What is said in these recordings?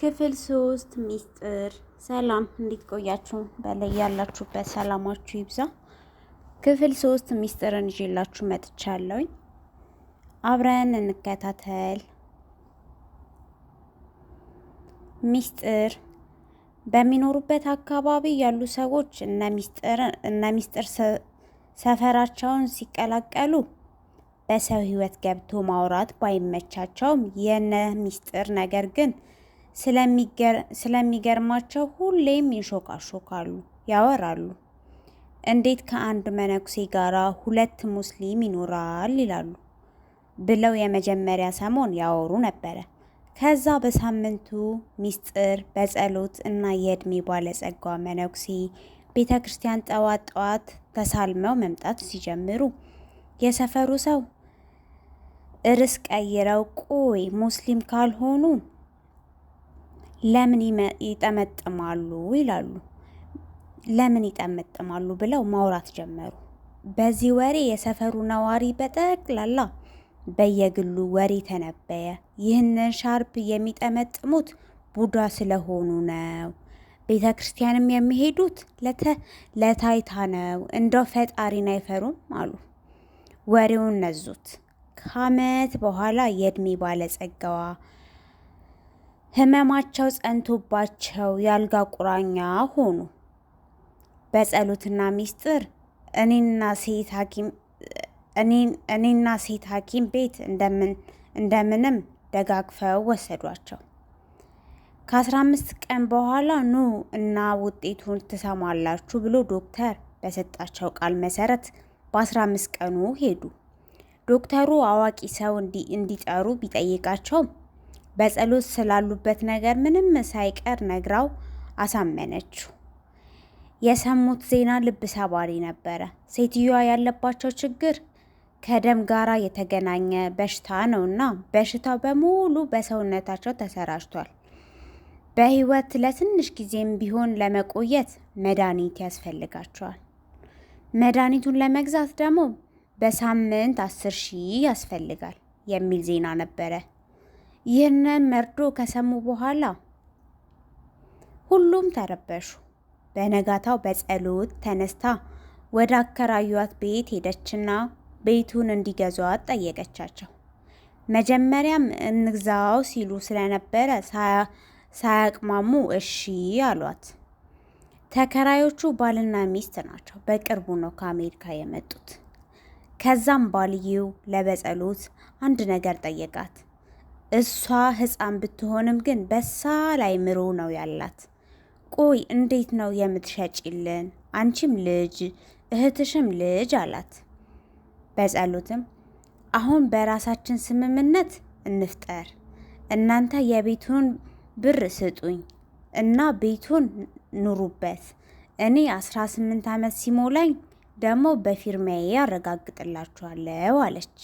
ክፍል ሶስት ሚስጥር። ሰላም እንዴት ቆያችሁ? በላይ ያላችሁበት ሰላማችሁ ይብዛ። ክፍል ሶስት ሚስጥርን ይዤላችሁ መጥቻለሁ። አብረን እንከታተል። ሚስጥር በሚኖሩበት አካባቢ ያሉ ሰዎች እነ ሚስጥር ሰፈራቸውን ሲቀላቀሉ በሰው ሕይወት ገብቶ ማውራት ባይመቻቸውም የነ ሚስጥር ነገር ግን ስለሚገርማቸው ሁሌም ይሾቃሾቃሉ፣ ያወራሉ። እንዴት ከአንድ መነኩሴ ጋር ሁለት ሙስሊም ይኖራል ይላሉ ብለው የመጀመሪያ ሰሞን ያወሩ ነበረ። ከዛ በሳምንቱ ሚስጥር በጸሎት እና የእድሜ ባለጸጋ መነኩሴ ቤተ ክርስቲያን ጠዋት ጠዋት ተሳልመው መምጣት ሲጀምሩ የሰፈሩ ሰው እርስ ቀይረው ቆይ ሙስሊም ካልሆኑ ለምን ይጠመጥማሉ ይላሉ። ለምን ይጠመጥማሉ ብለው ማውራት ጀመሩ። በዚህ ወሬ የሰፈሩ ነዋሪ በጠቅላላ በየግሉ ወሬ ተነበየ። ይህንን ሻርፕ የሚጠመጥሙት ቡዳ ስለሆኑ ነው። ቤተ ክርስቲያንም የሚሄዱት ለታይታ ነው። እንደው ፈጣሪን አይፈሩም አሉ። ወሬውን ነዙት። ከዓመት በኋላ የእድሜ ባለጸጋዋ ህመማቸው ጸንቶባቸው ያልጋ ቁራኛ ሆኑ። በጸሎትና ሚስጥር እኔና ሴት ሐኪም ቤት እንደምንም ደጋግፈው ወሰዷቸው። ከአስራ አምስት ቀን በኋላ ኑ እና ውጤቱን ትሰማላችሁ ብሎ ዶክተር በሰጣቸው ቃል መሰረት በአስራ አምስት ቀኑ ሄዱ። ዶክተሩ አዋቂ ሰው እንዲጠሩ ቢጠይቃቸውም በጸሎት ስላሉበት ነገር ምንም ሳይቀር ነግራው አሳመነችው። የሰሙት ዜና ልብ ሰባሪ ነበረ። ሴትዮዋ ያለባቸው ችግር ከደም ጋራ የተገናኘ በሽታ ነው እና በሽታው በሙሉ በሰውነታቸው ተሰራጭቷል። በህይወት ለትንሽ ጊዜም ቢሆን ለመቆየት መድኃኒት ያስፈልጋቸዋል። መድኃኒቱን ለመግዛት ደግሞ በሳምንት አስር ሺህ ያስፈልጋል የሚል ዜና ነበረ። ይህንን መርዶ ከሰሙ በኋላ ሁሉም ተረበሹ። በነጋታው በጸሎት ተነስታ ወደ አከራዩዋት ቤት ሄደችና ቤቱን እንዲገዟት ጠየቀቻቸው። መጀመሪያም እንግዛው ሲሉ ስለነበረ ሳያቅማሙ እሺ አሏት። ተከራዮቹ ባልና ሚስት ናቸው። በቅርቡ ነው ከአሜሪካ የመጡት። ከዛም ባልየው ለበጸሎት አንድ ነገር ጠየቃት። እሷ ህፃን ብትሆንም ግን በሳ ላይ ምሮ ነው ያላት። ቆይ እንዴት ነው የምትሸጪልን? አንቺም ልጅ እህትሽም ልጅ አላት። በጸሎትም አሁን በራሳችን ስምምነት እንፍጠር፣ እናንተ የቤቱን ብር ስጡኝ እና ቤቱን ኑሩበት። እኔ አስራ ስምንት ዓመት ሲሞላኝ ደግሞ በፊርማዬ ያረጋግጥላችኋለሁ አለች።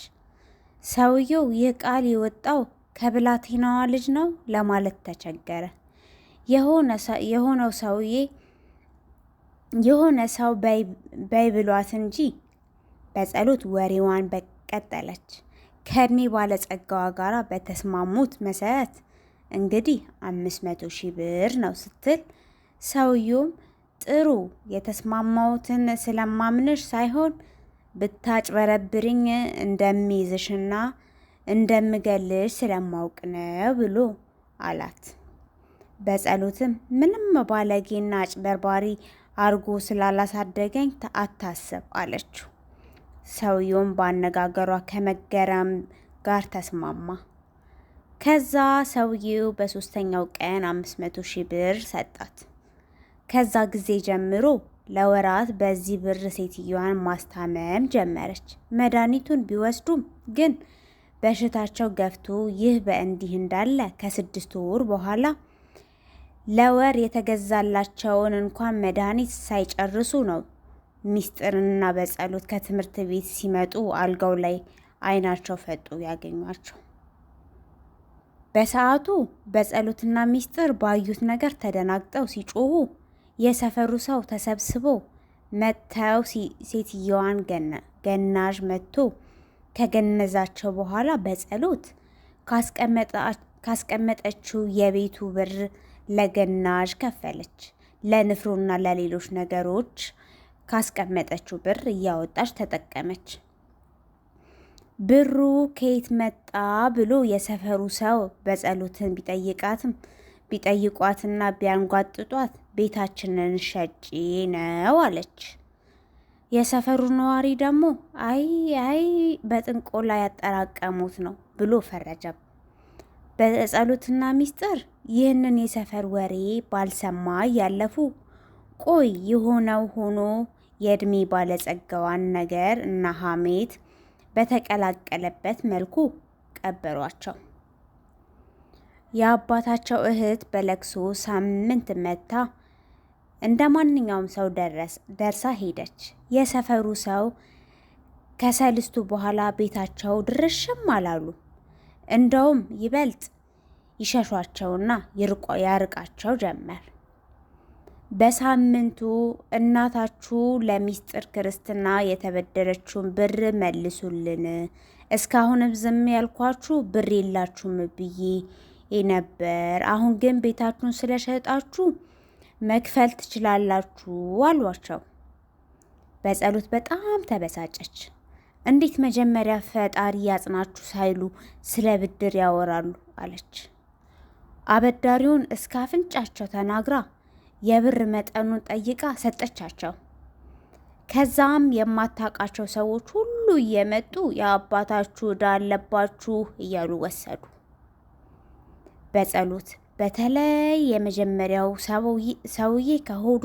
ሰውየው ይህ ቃል የወጣው ከብላቴናዋ ልጅ ነው ለማለት ተቸገረ። የሆነው ሰውዬ የሆነ ሰው በይ ብሏት እንጂ በጸሎት ወሬዋን በቀጠለች። ከእድሜ ባለጸጋዋ ጋር በተስማሙት መሰረት እንግዲህ አምስት መቶ ሺህ ብር ነው ስትል ሰውየውም ጥሩ የተስማማሁትን ስለማምንሽ ሳይሆን ብታጭበረብርኝ እንደሚይዝሽና እንደምገልሽ ስለማውቅ ነው ብሎ አላት። በጸሎትም ምንም ባለጌና አጭበርባሪ አርጎ ስላላሳደገኝ አታስብ አለችው። ሰውየውም በአነጋገሯ ከመገረም ጋር ተስማማ። ከዛ ሰውየው በሶስተኛው ቀን አምስት መቶ ሺህ ብር ሰጣት። ከዛ ጊዜ ጀምሮ ለወራት በዚህ ብር ሴትዮዋን ማስታመም ጀመረች። መድኃኒቱን ቢወስዱም ግን በሽታቸው ገፍቶ ይህ በእንዲህ እንዳለ ከስድስት ወር በኋላ ለወር የተገዛላቸውን እንኳን መድኃኒት ሳይጨርሱ ነው ሚስጥርና በጸሎት ከትምህርት ቤት ሲመጡ አልጋው ላይ አይናቸው ፈጡ ያገኟቸው። በሰዓቱ በጸሎትና ሚስጥር ባዩት ነገር ተደናግጠው ሲጮሁ የሰፈሩ ሰው ተሰብስቦ መጥተው ሴትየዋን ገናዥ መጥቶ ከገነዛቸው በኋላ በጸሎት ካስቀመጠችው የቤቱ ብር ለገናዥ ከፈለች። ለንፍሮና ለሌሎች ነገሮች ካስቀመጠችው ብር እያወጣች ተጠቀመች። ብሩ ከየት መጣ ብሎ የሰፈሩ ሰው በጸሎትን ቢጠይቃትም ቢጠይቋትና ቢያንጓጥጧት ቤታችንን ሸጪ ነው አለች። የሰፈሩ ነዋሪ ደግሞ አይ አይ በጥንቆላ ያጠራቀሙት ነው ብሎ ፈረጀ። በጸሎትና ሚስጥር ይህንን የሰፈር ወሬ ባልሰማ እያለፉ ቆይ የሆነው ሆኖ የእድሜ ባለጸጋዋን ነገር እና ሀሜት በተቀላቀለበት መልኩ ቀበሯቸው። የአባታቸው እህት በለቅሶ ሳምንት መታ እንደ ማንኛውም ሰው ደርሳ ሄደች። የሰፈሩ ሰው ከሰልስቱ በኋላ ቤታቸው ድርሽም አላሉ። እንደውም ይበልጥ ይሸሿቸውና ያርቃቸው ጀመር። በሳምንቱ እናታችሁ ለሚስጥር ክርስትና የተበደረችውን ብር መልሱልን፣ እስካሁንም ዝም ያልኳችሁ ብር የላችሁም ብዬ ነበር። አሁን ግን ቤታችሁን ስለሸጣችሁ መክፈል ትችላላችሁ አሏቸው። በጸሎት በጣም ተበሳጨች። እንዴት መጀመሪያ ፈጣሪ ያጽናችሁ ሳይሉ ስለ ብድር ያወራሉ? አለች። አበዳሪውን እስከ አፍንጫቸው ተናግራ የብር መጠኑን ጠይቃ ሰጠቻቸው። ከዛም የማታውቃቸው ሰዎች ሁሉ እየመጡ የአባታችሁ እዳ አለባችሁ እያሉ ወሰዱ። በጸሎት በተለይ የመጀመሪያው ሰውዬ ከሆዷ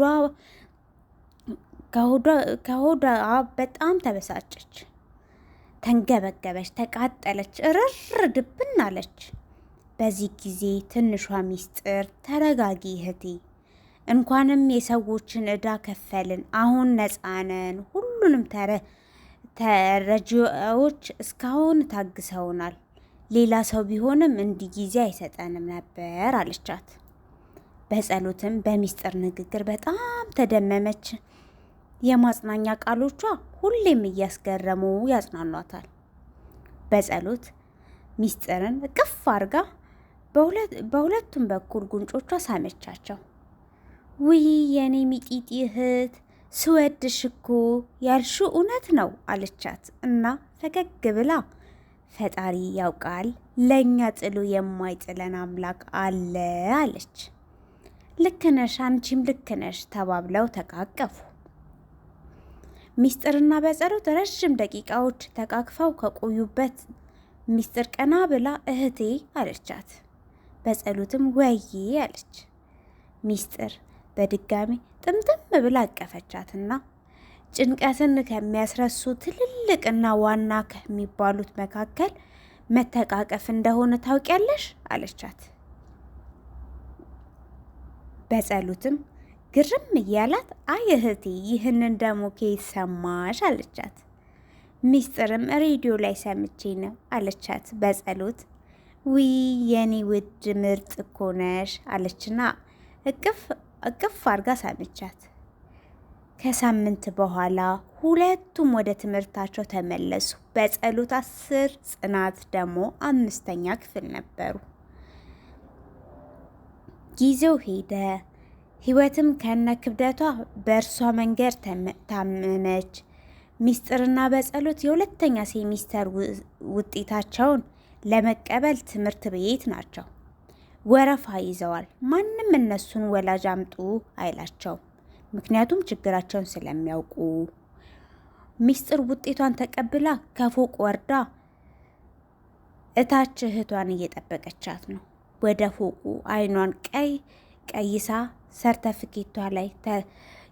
ከሆዷ በጣም ተበሳጨች፣ ተንገበገበች፣ ተቃጠለች፣ እርር ድብን አለች። በዚህ ጊዜ ትንሿ ሚስጥር ተረጋጊ እህቴ፣ እንኳንም የሰዎችን ዕዳ ከፈልን፣ አሁን ነፃነን። ሁሉንም ተረጂዎች እስካሁን ታግሰውናል። ሌላ ሰው ቢሆንም እንዲህ ጊዜ አይሰጠንም ነበር አለቻት። በጸሎትም በሚስጥር ንግግር በጣም ተደመመች። የማጽናኛ ቃሎቿ ሁሌም እያስገረሙ ያጽናኗታል። በጸሎት ሚስጥርን እቅፍ አድርጋ በሁለቱም በኩል ጉንጮቿ ሳመቻቸው። ውይ የኔ ሚጢጢ እህት ስወድሽ እኮ እውነት ነው አለቻት እና ፈገግ ብላ ፈጣሪ ያውቃል ለእኛ ጥሉ የማይጥለን አምላክ አለ አለች። ልክነሽ አንቺም ልክነሽ ተባብለው ተቃቀፉ። ሚስጥርና በጸሎት ረዥም ደቂቃዎች ተቃቅፈው ከቆዩበት ሚስጥር ቀና ብላ እህቴ አለቻት። በጸሎትም ወዬ አለች። ሚስጥር በድጋሚ ጥምጥም ብላ አቀፈቻትና ጭንቀትን ከሚያስረሱ ትልልቅና ዋና ከሚባሉት መካከል መተቃቀፍ እንደሆነ ታውቂያለሽ አለቻት። በጸሎትም ግርም እያላት አይ እህቴ ይህንን ደግሞ ከየት ሰማሽ አለቻት። ሚስጥርም ሬዲዮ ላይ ሰምቼ ነው አለቻት በጸሎት። ውይ የኔ ውድ ምርጥ እኮ ነሽ አለችና እቅፍ እቅፍ አድርጋ ሳመቻት። ከሳምንት በኋላ ሁለቱም ወደ ትምህርታቸው ተመለሱ። በጸሎት አስር ጽናት ደግሞ አምስተኛ ክፍል ነበሩ። ጊዜው ሄደ። ህይወትም ከነ ክብደቷ በእርሷ መንገድ ታመመች። ሚስጥርና በጸሎት የሁለተኛ ሴሚስተር ውጤታቸውን ለመቀበል ትምህርት ቤት ናቸው። ወረፋ ይዘዋል። ማንም እነሱን ወላጅ አምጡ አይላቸው። ምክንያቱም ችግራቸውን ስለሚያውቁ ሚስጥር ውጤቷን ተቀብላ ከፎቅ ወርዳ እታች እህቷን እየጠበቀቻት ነው። ወደ ፎቁ አይኗን ቀይ ቀይሳ ሰርተፍኬቷ ላይ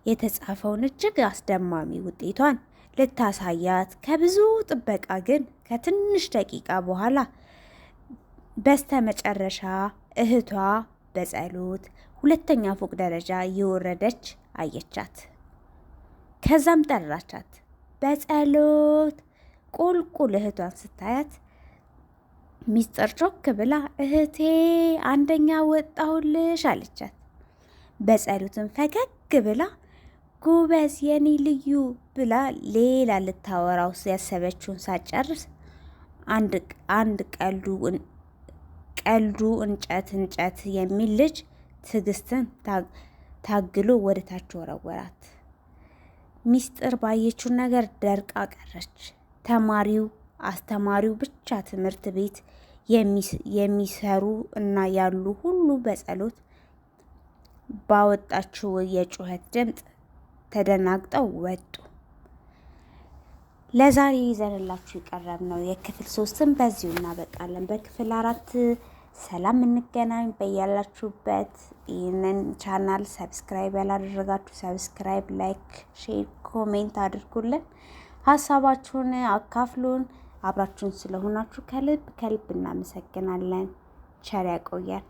የተጻፈውን እጅግ አስደማሚ ውጤቷን ልታሳያት ከብዙ ጥበቃ ግን ከትንሽ ደቂቃ በኋላ በስተ መጨረሻ እህቷ በጸሎት ሁለተኛ ፎቅ ደረጃ እየወረደች አየቻት። ከዛም ጠራቻት በጸሎት ቁልቁል እህቷን ስታያት ሚስጥር ጮክ ብላ እህቴ አንደኛ ወጣሁልሽ አለቻት። በጸሎትም ፈገግ ብላ ጉበዝ የኔ ልዩ ብላ ሌላ ልታወራው ያሰበችውን ሳጨርስ አንድ ቀልዱ እንጨት እንጨት የሚል ልጅ ትዕግስትን ታግሎ ወደ ታች ወረወራት። ሚስጥር ባየችው ነገር ደርቃ ቀረች። ተማሪው አስተማሪው ብቻ ትምህርት ቤት የሚሰሩ እና ያሉ ሁሉ በጸሎት ባወጣችው የጩኸት ድምፅ ተደናግጠው ወጡ። ለዛሬ ይዘንላችሁ ነው የክፍል ሶስትን በዚሁ እናበቃለን። በክፍል አራት ሰላም እንገናኝ። በያላችሁበት ይህንን ቻናል ሰብስክራይብ ያላደረጋችሁ ሰብስክራይብ፣ ላይክ፣ ሼር፣ ኮሜንት አድርጉልን። ሀሳባችሁን አካፍሉን። አብራችሁን ስለሆናችሁ ከልብ ከልብ እናመሰግናለን። ቸር ያቆያል።